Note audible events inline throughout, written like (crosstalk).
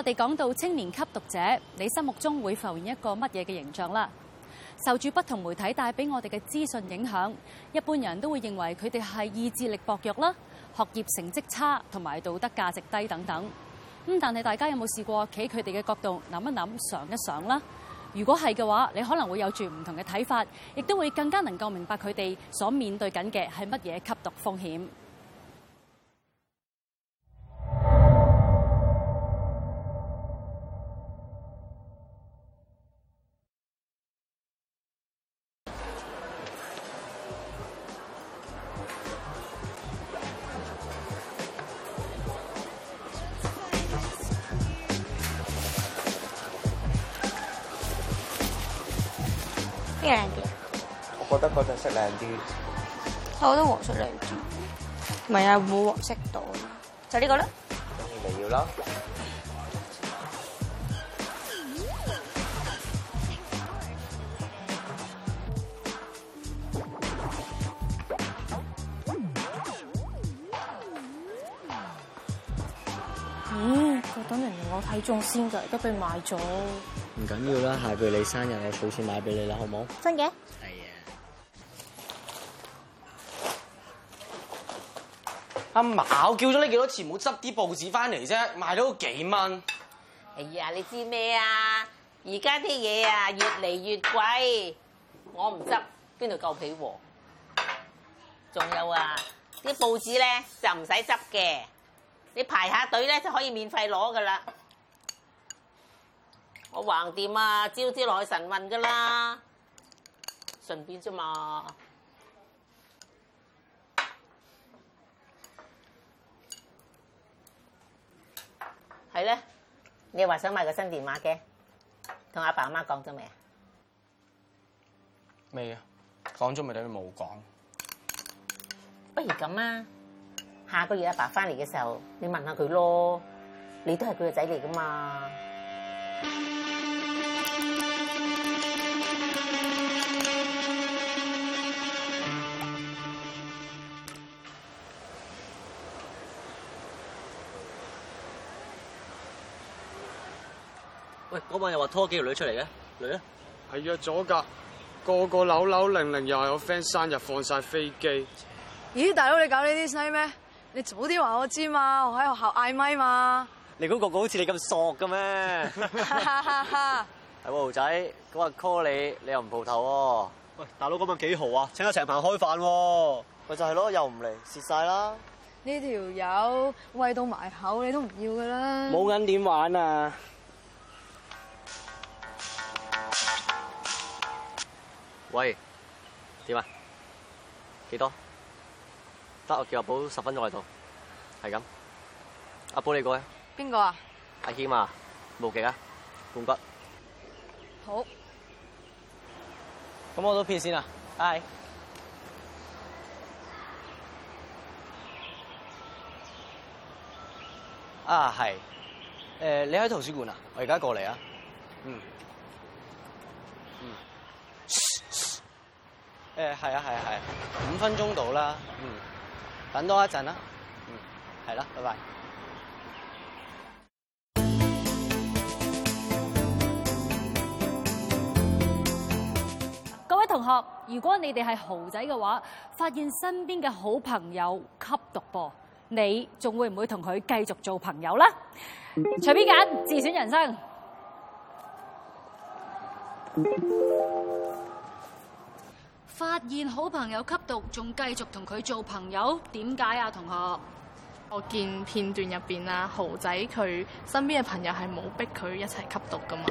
我哋講到青年吸毒者，你心目中會浮現一個乜嘢嘅形象啦？受住不同媒體帶俾我哋嘅資訊影響，一般人都會認為佢哋係意志力薄弱啦，學業成績差同埋道德價值低等等。咁但係大家有冇試過企佢哋嘅角度諗一諗、想一想啦？如果係嘅話，你可能會有住唔同嘅睇法，亦都會更加能夠明白佢哋所面對緊嘅係乜嘢吸毒風險。不過就色靚啲，我覺得黃色靚啲，唔係啊，冇黃色到，就呢個啦。咁你咪要咯。咦，佢等嚟我睇中先噶，都俾人買咗。唔緊要啦，下個月你生日，我儲錢買俾你啦，好唔好？真嘅。啊，我叫咗你幾多次，唔好執啲報紙翻嚟啫，賣咗幾蚊？哎呀，你知咩啊？而家啲嘢啊，越嚟越貴，我唔執邊度夠皮喎？仲有啊，啲報紙咧就唔使執嘅，你排下隊咧就可以免費攞噶啦。我橫掂啊，朝朝落去晨運噶啦，順便啫嘛。你咧，你話想買個新電話嘅，同阿爸阿媽講咗未啊？未啊，講咗咪等於冇講。不如咁啊，下個月阿爸翻嚟嘅時候，你問下佢咯，你都係佢嘅仔嚟噶嘛。喂，嗰晚又話拖幾條女出嚟嘅。女啊，係約咗噶個個扭扭擰擰，又係我 friend 生日放晒飛機。咦，大佬你搞呢啲西咩？你早啲話我知嘛，我喺學校嗌咪嘛。你估個個好似你咁索㗎咩？係， (laughs) (laughs) (laughs) (laughs) 豪仔，佢話 call 你，你又唔蒲頭。喂，大佬，嗰晚幾豪啊？請得成棚開飯，咪就係、是、咯，又唔嚟，蝕晒啦。呢條友喂到埋口，你都唔要噶啦。冇銀點玩啊？喂，點啊？幾多？得我叫阿寶十分鐘喺度。係咁。阿寶你過啊？邊個啊？阿謙啊？無極啊？半骨。好。咁我都片先啊。拜啊係。誒，你喺圖書館啊？我而家過嚟啊。嗯。誒、嗯，係啊，係啊，係、啊啊，五分鐘到啦，嗯，等多一陣啦，嗯，係啦、啊，拜拜。各位同學，如果你哋係豪仔嘅話，發現身邊嘅好朋友吸毒噃，你仲會唔會同佢繼續做朋友咧？隨便揀，自選人生。嗯發現好朋友吸毒，仲繼續同佢做朋友，點解啊，同學？我見片段入邊啊，豪仔佢身邊嘅朋友係冇逼佢一齊吸毒噶嘛，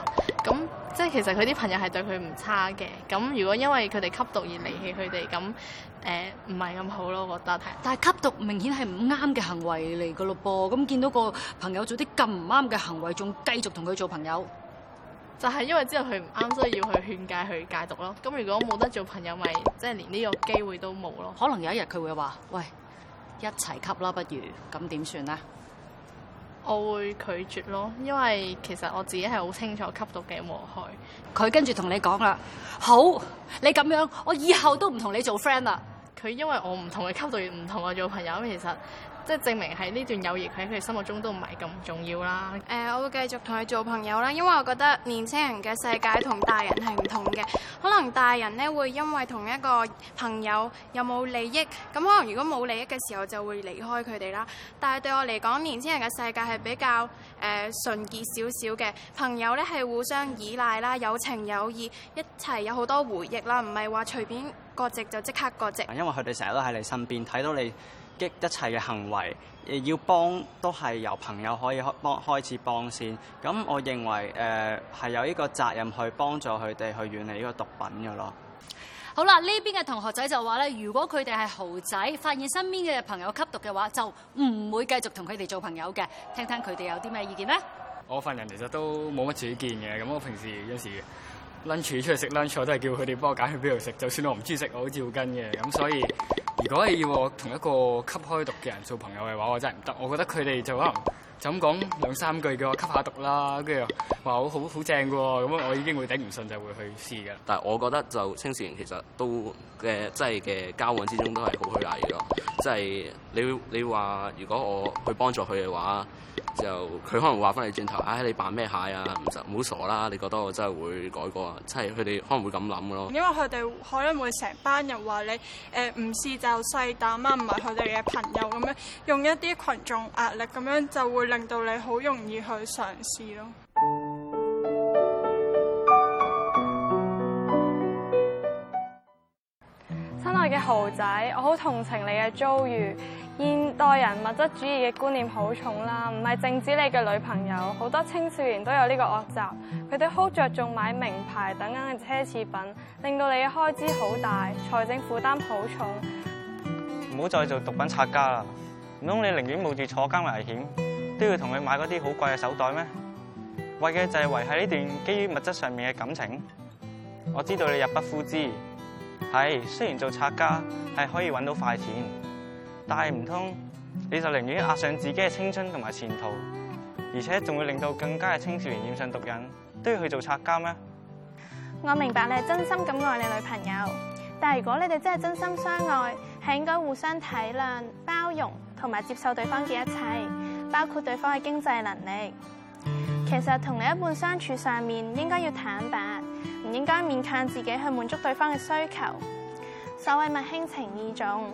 咁即係其實佢啲朋友係對佢唔差嘅，咁如果因為佢哋吸毒而離棄佢哋，咁誒唔係咁好咯，我覺得。但係吸毒明顯係唔啱嘅行為嚟噶咯噃，咁見到個朋友做啲咁唔啱嘅行為，仲繼續同佢做朋友。就係、是、因為之後佢唔啱，所以要去勸戒去戒毒咯。咁如果冇得做朋友，咪即係連呢個機會都冇咯。可能有一日佢會話，喂，一齊吸啦不如，咁點算咧？我會拒絕咯，因為其實我自己係好清楚吸毒嘅禍害。佢跟住同你講啦，好，你咁樣，我以後都唔同你做 friend 啦。佢因為我唔同你吸毒，唔同我做朋友，咁其實。即係證明係呢段友誼，喺佢哋心目中都唔係咁重要啦。誒、呃，我會繼續同佢做朋友啦，因為我覺得年輕人嘅世界同大人係唔同嘅。可能大人呢會因為同一個朋友有冇利益，咁可能如果冇利益嘅時候就會離開佢哋啦。但係對我嚟講，年輕人嘅世界係比較誒純潔少少嘅，朋友呢係互相依賴啦，有情有義，一齊有好多回憶啦，唔係話隨便割席就即刻割席。因為佢哋成日都喺你身邊，睇到你。激一切嘅行為，誒要幫都係由朋友可以幫開始幫先。咁我認為誒係、呃、有呢個責任去幫助佢哋去遠離呢個毒品嘅咯。好啦，呢邊嘅同學仔就話咧，如果佢哋係豪仔，發現身邊嘅朋友吸毒嘅話，就唔會繼續同佢哋做朋友嘅。聽聽佢哋有啲咩意見咧？我份人其實都冇乜主見嘅，咁我平時有時 lunch 出去食 lunch 都係叫佢哋幫我揀去邊度食，就算我唔中意食，我好照跟嘅，咁所以。如果你要我同一個吸開毒嘅人做朋友嘅話，我真係唔得。我覺得佢哋就可能就咁講兩三句叫我吸下毒啦，跟住話好好好正喎，咁我已經會頂唔順就會去試嘅。但係我覺得就青少年其實都嘅即係嘅交往之中都係好虛偽嘅，即係你你話如果我去幫助佢嘅話。就佢可能話返你轉頭，唉、哎，你扮咩蟹啊？唔好唔好傻啦！你覺得我真係會改過啊？即係佢哋可能會咁諗嘅咯。因為佢哋可能會成班人話你誒唔試就細膽啊，唔係佢哋嘅朋友咁樣，用一啲群眾壓力咁樣就會令到你好容易去嘗試咯。親愛嘅豪仔，我好同情你嘅遭遇。現代人物質主義嘅觀念好重啦，唔係淨止你嘅女朋友，好多青少年都有呢個惡習。佢哋好着重買名牌等等嘅奢侈品，令到你嘅開支好大，財政負擔好重。唔好再做毒品拆家啦！唔通你寧願冒住坐監危險，都要同佢買嗰啲好貴嘅手袋咩？為嘅就係維係呢段基於物質上面嘅感情。我知道你入不敷支，係，雖然做拆家，係可以揾到快錢。但係唔通你就寧願壓上自己嘅青春同埋前途，而且仲會令到更加嘅青少年染上毒癮，都要去做拆家咩？我明白你係真心咁愛你女朋友，但如果你哋真係真心相愛，係應該互相體諒、包容同埋接受對方嘅一切，包括對方嘅經濟能力。其實同另一半相處上面應該要坦白，唔應該勉強自己去滿足對方嘅需求。所謂物輕情意重。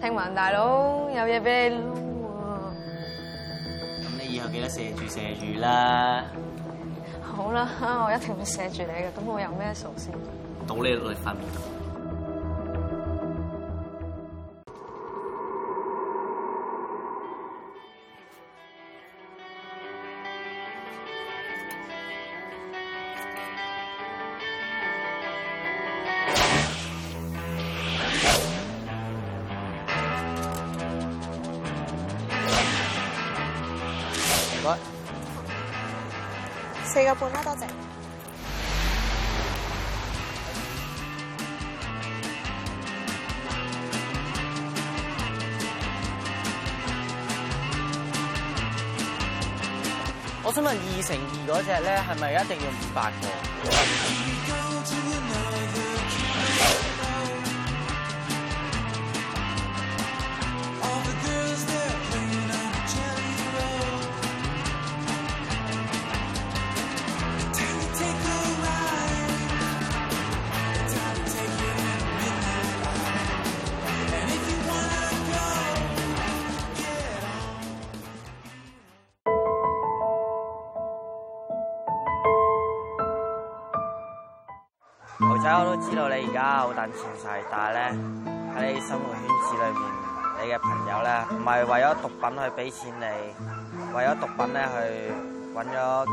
聽聞大佬有嘢俾你撈喎，咁你以後記得射住射住啦。好啦，我一定會射住你嘅，咁我有咩數先？倒你落嚟塊面。有半啦，多謝、謝。我想問二乘二嗰隻咧，係咪一定要五百個？知道你而家好等錢使，但係咧，喺你生活圈子裏面，你嘅朋友咧唔係為咗毒品去俾錢你，為咗毒品咧去揾咗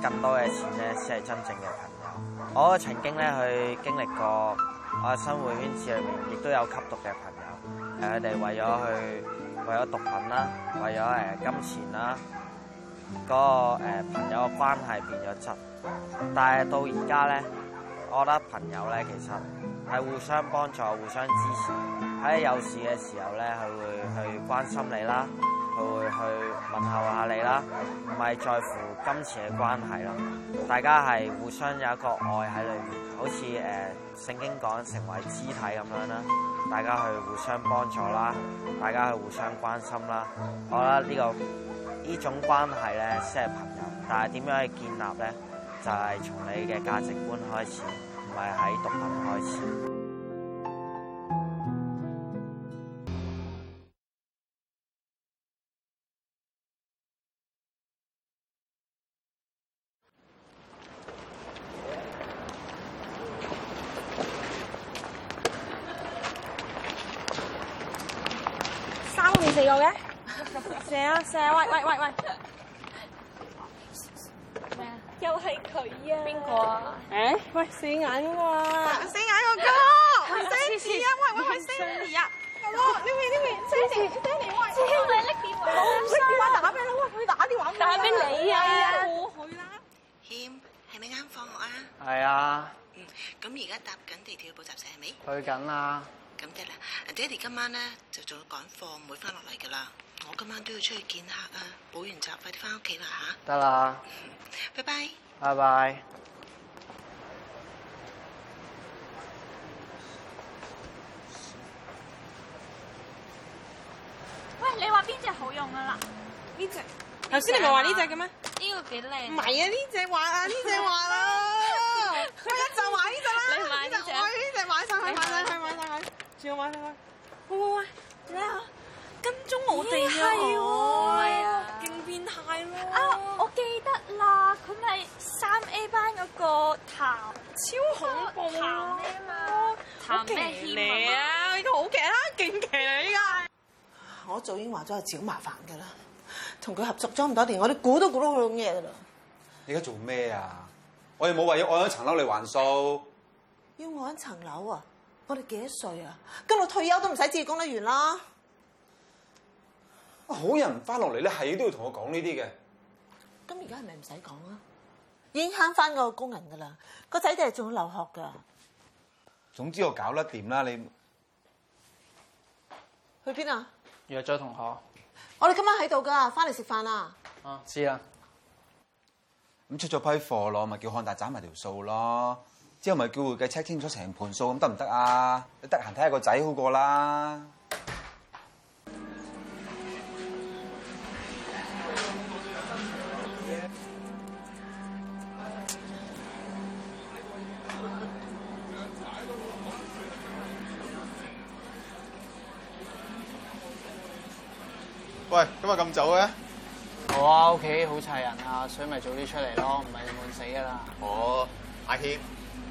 更多嘅錢咧，先係真正嘅朋友。我曾經咧去經歷過，我嘅生活圈子裏面亦都有吸毒嘅朋友，係佢哋為咗去為咗毒品啦，為咗、呃、金錢啦，嗰、嗰個、呃、朋友嘅關係變咗質。但係到而家咧。我覺得朋友咧，其實係互相幫助、互相支持。喺有事嘅時候咧，佢會去關心你啦，佢會去問候一下你啦，唔係在乎金錢嘅關係啦。大家係互相有一個愛喺裏面，好似呃、聖經講成為肢體咁樣啦。大家去互相幫助啦，大家去互相關心啦。我覺得呢、這個呢種關係咧先係朋友，但係點樣去建立咧？就係、是、從你嘅價值觀開始，唔係喺毒品開始。爹哋啊，阿媽，呢邊呢邊，爹哋，爹哋，喂，謙，你搦電話，搦電話打俾我，喂，去打電話，打俾你啊，好去啦。謙，係咪啱放學啊？係啊。嗯，咁而家搭緊地鐵去補習社係咪？去緊啦。咁得啦，爹哋今晚咧就仲要趕課，唔會翻落嚟噶啦。我今晚都要出去見客啊，補完習快啲翻屋企啦吓。得啦。拜拜。拜拜。.你話邊隻好用噶啦？呢隻頭先你咪話呢隻嘅咩？呢個幾靚？唔係啊，呢隻玩啊，呢隻、啊、玩啦，佢 (laughs) 玩 (laughs) 一隻就玩呢隻啦。你買呢隻，我呢隻買晒，去買晒，去買晒，去全部買晒去。喂喂喂，咩啊？跟蹤我哋啊！我勁、哦、變態咯！啊，我記得啦，佢咪三 A 班嗰個譚，超恐怖譚啊嘛，譚咩啊？好勁啊，勁勁啊！依家、啊。我早已經話咗係自己好麻煩噶啦，同佢合作咗咁多年，我哋估都估到嗰種嘢噶啦。你而家做咩啊？我哋冇話要按一層樓嚟還數，要按一層樓啊？我哋幾多歲啊？今日退休都唔使自己供得完啦。好人翻落嚟咧，你係都要同我講呢啲嘅。咁而家係咪唔使講啊？已經慳翻個工人噶啦，個仔就係仲要留學噶。總之我搞得掂啦，你去邊啊？約咗同學，我哋今晚喺度噶，翻嚟食飯啦。啊，知啦。咁出咗批貨咯，咪叫漢大斬埋條數咯。之後咪叫會計 check 清咗成盤數，咁得唔得啊？你得閒睇下個仔好過啦。喂，今日咁早嘅？Oh, okay, 好啊，屋企好齊人啊，所以咪早啲出嚟咯，唔係悶死噶啦。哦，oh，阿謙、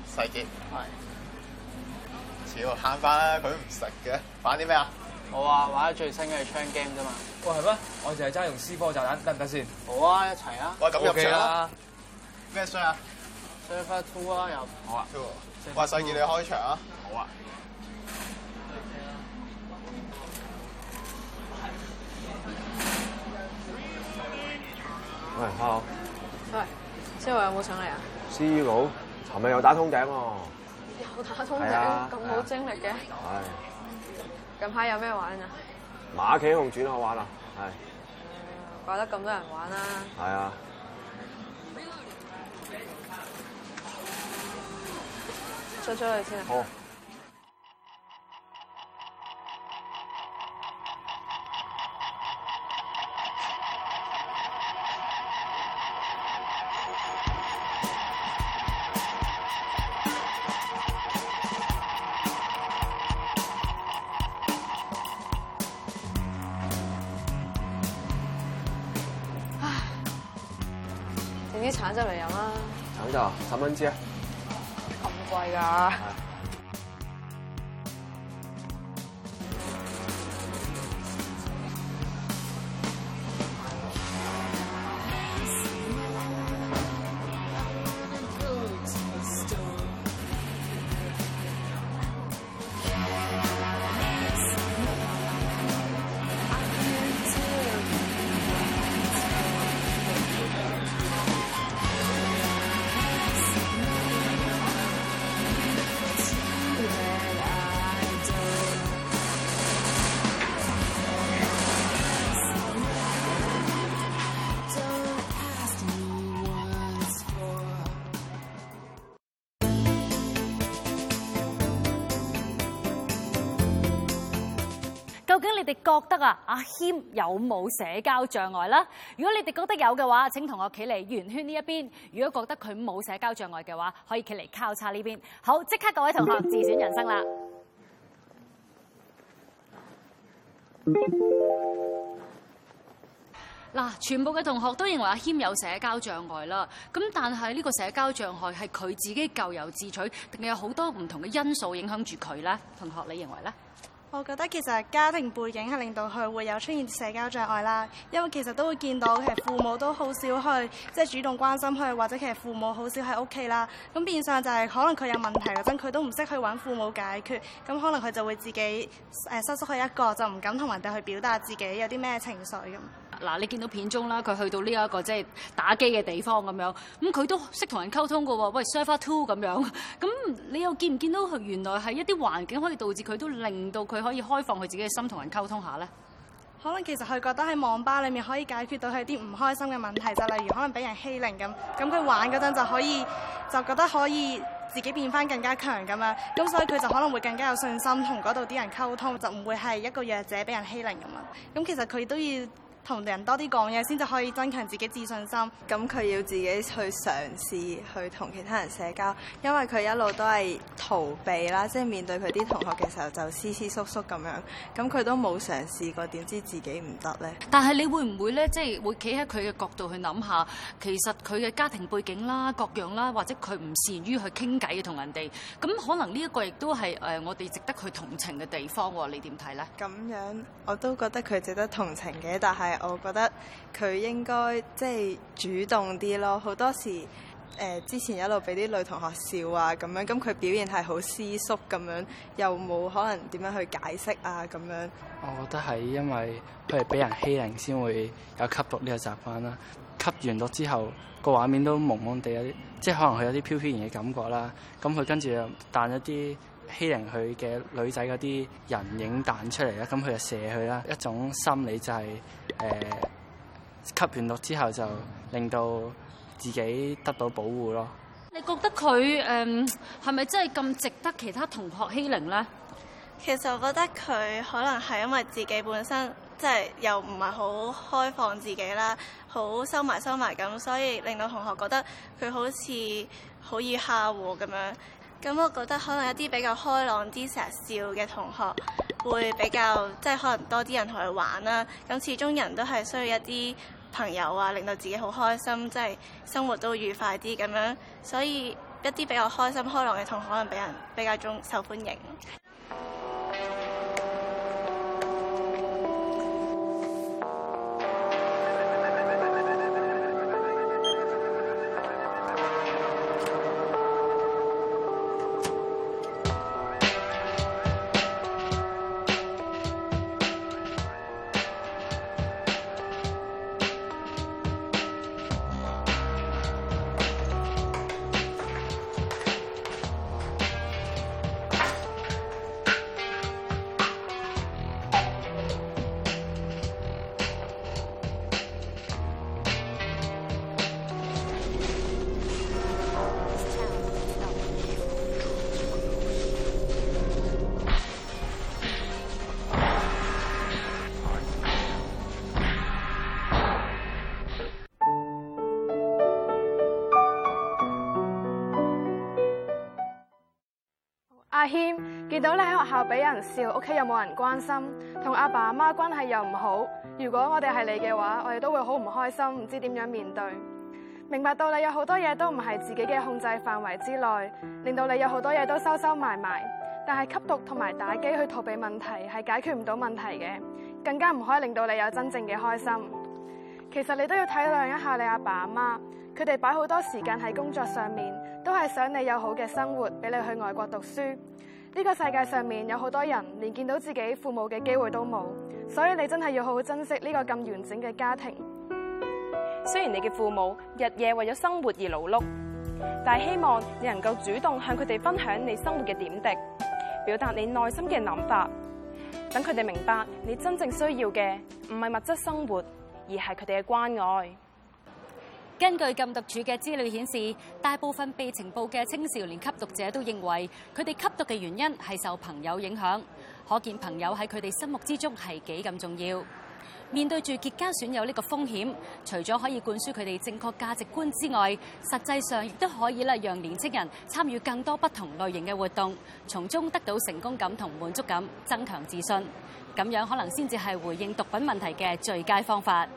世杰。係。屌，慳翻啦，佢唔食嘅，玩啲咩啊？好啊，玩啲最新嘅槍 game 啫嘛。喂，係咩？我淨係揸用斯波炸彈得唔得先？好啊，一齊啊。喂，咁入場啦！咩雙啊？雙發 two 啊，又。好啊。two。哇，世杰你開場啊！好啊。喂，你好。喂，Sir 有冇上嚟啊？Sir，琴日又打通頂喎。又打通頂，咁好精力嘅。係。近排有咩玩啊？馬棋同轉下玩啊，係、嗯。怪得咁多人玩啦。係啊。出出去先啊。好。十蚊紙啊！咁貴㗎～究竟你哋覺得啊，阿謙有冇社交障礙啦，如果你哋覺得有嘅話，請同學企嚟圓圈呢一邊；如果覺得佢冇社交障礙嘅話，可以企嚟交叉呢邊。好，即刻各位同學自選人生啦！嗱、嗯，全部嘅同學都認為阿謙有社交障礙啦。咁但係呢個社交障礙係佢自己咎由自取，定係有好多唔同嘅因素影響住佢咧？同學，你認為咧？我覺得其實家庭背景係令到佢會有出現社交障礙啦，因為其實都會見到其實父母都好少去即係主動關心佢，或者其實父母好少喺屋企啦。咁變相就係可能佢有問題嗰陣，佢都唔識去揾父母解決，咁可能佢就會自己誒收縮去一個，就唔敢同人哋去表達自己有啲咩情緒咁。嗱，你見到片中啦，佢去到呢、這、一個即係打機嘅地方咁樣，咁佢都識同人溝通嘅喎，喂 Surfer Two 咁樣，咁你又見唔見到佢原來係一啲環境可以導致佢都令到佢可以開放佢自己嘅心同人溝通下呢？可能其實佢覺得喺網吧裏面可以解決到佢啲唔開心嘅問題，就例如可能俾人欺凌咁，咁佢玩嗰陣就可以就覺得可以自己變返更加強咁樣，咁所以佢就可能會更加有信心同嗰度啲人溝通，就唔會係一個弱者俾人欺凌咁啊。咁其實佢都要。同人多啲講嘢先至可以增強自己自信心。咁佢要自己去嘗試去同其他人社交，因為佢一路都係逃避啦，即係面對佢啲同學嘅時候就思思縮縮咁樣。咁佢都冇嘗試過點知自己唔得咧？但係你會唔會咧，即係會企喺佢嘅角度去諗下，其實佢嘅家庭背景啦、各樣啦，或者佢唔善於去傾偈同人哋。咁可能呢一個亦都係誒我哋值得去同情嘅地方喎？你點睇咧？咁樣我都覺得佢值得同情嘅，但係。我覺得佢應該即係主動啲咯。好多時誒、呃、之前一路俾啲女同學笑啊咁樣，咁佢表現係好私縮咁樣，又冇可能點樣去解釋啊咁樣。我覺得係因為佢係俾人欺凌先會有吸毒呢個習慣啦。吸完毒之後個畫面都蒙蒙地有啲，即係可能佢有啲飄飄然嘅感覺啦。咁佢跟住又彈一啲。欺凌佢嘅女仔嗰啲人影彈出嚟啦，咁佢就射佢啦。一種心理就係、是、誒、呃、吸完毒之後就令到自己得到保護咯。你覺得佢誒係咪真係咁值得其他同學欺凌咧？其實我覺得佢可能係因為自己本身即係、就是、又唔係好開放自己啦，好收埋收埋咁，所以令到同學覺得佢好似好易嚇喎咁樣。咁我覺得可能一啲比較開朗啲、成日笑嘅同學會比較即係、就是、可能多啲人同佢玩啦。咁始終人都係需要一啲朋友啊，令到自己好開心，即、就、係、是、生活都愉快啲咁樣。所以一啲比較開心開朗嘅同學可能俾人比較中受歡迎。阿謙見到你喺學校俾人笑，屋企又冇人關心，同阿爸阿媽，媽關係又唔好。如果我哋係你嘅話，我哋都會好唔開心，唔知點樣面對。明白到你有好多嘢都唔係自己嘅控制範圍之內，令到你有好多嘢都收收埋埋。但係吸毒同埋打機去逃避問題，係解決唔到問題嘅，更加唔可以令到你有真正嘅開心。其實你都要體諒一下你阿爸阿媽，媽，佢哋擺好多時間喺工作上面。都係想你有好嘅生活，俾你去外國讀書。呢個世界上面有好多人連見到自己父母嘅機會都冇，所以你真係要好好珍惜呢個咁完整嘅家庭。雖然你嘅父母日夜為咗生活而勞碌，但係希望你能夠主動向佢哋分享你生活嘅點滴，表達你內心嘅諗法，等佢哋明白你真正需要嘅唔係物質生活，而係佢哋嘅關愛。根據禁毒處嘅資料顯示，大部分被呈報嘅青少年吸毒者都認為，佢哋吸毒嘅原因係受朋友影響，可見朋友喺佢哋心目之中係幾咁重要。面對住結交損友呢個風險，除咗可以灌輸佢哋正確價值觀之外，實際上亦都可以咧，讓年青人參與更多不同類型嘅活動，從中得到成功感同滿足感，增強自信。咁樣可能先至係回應毒品問題嘅最佳方法。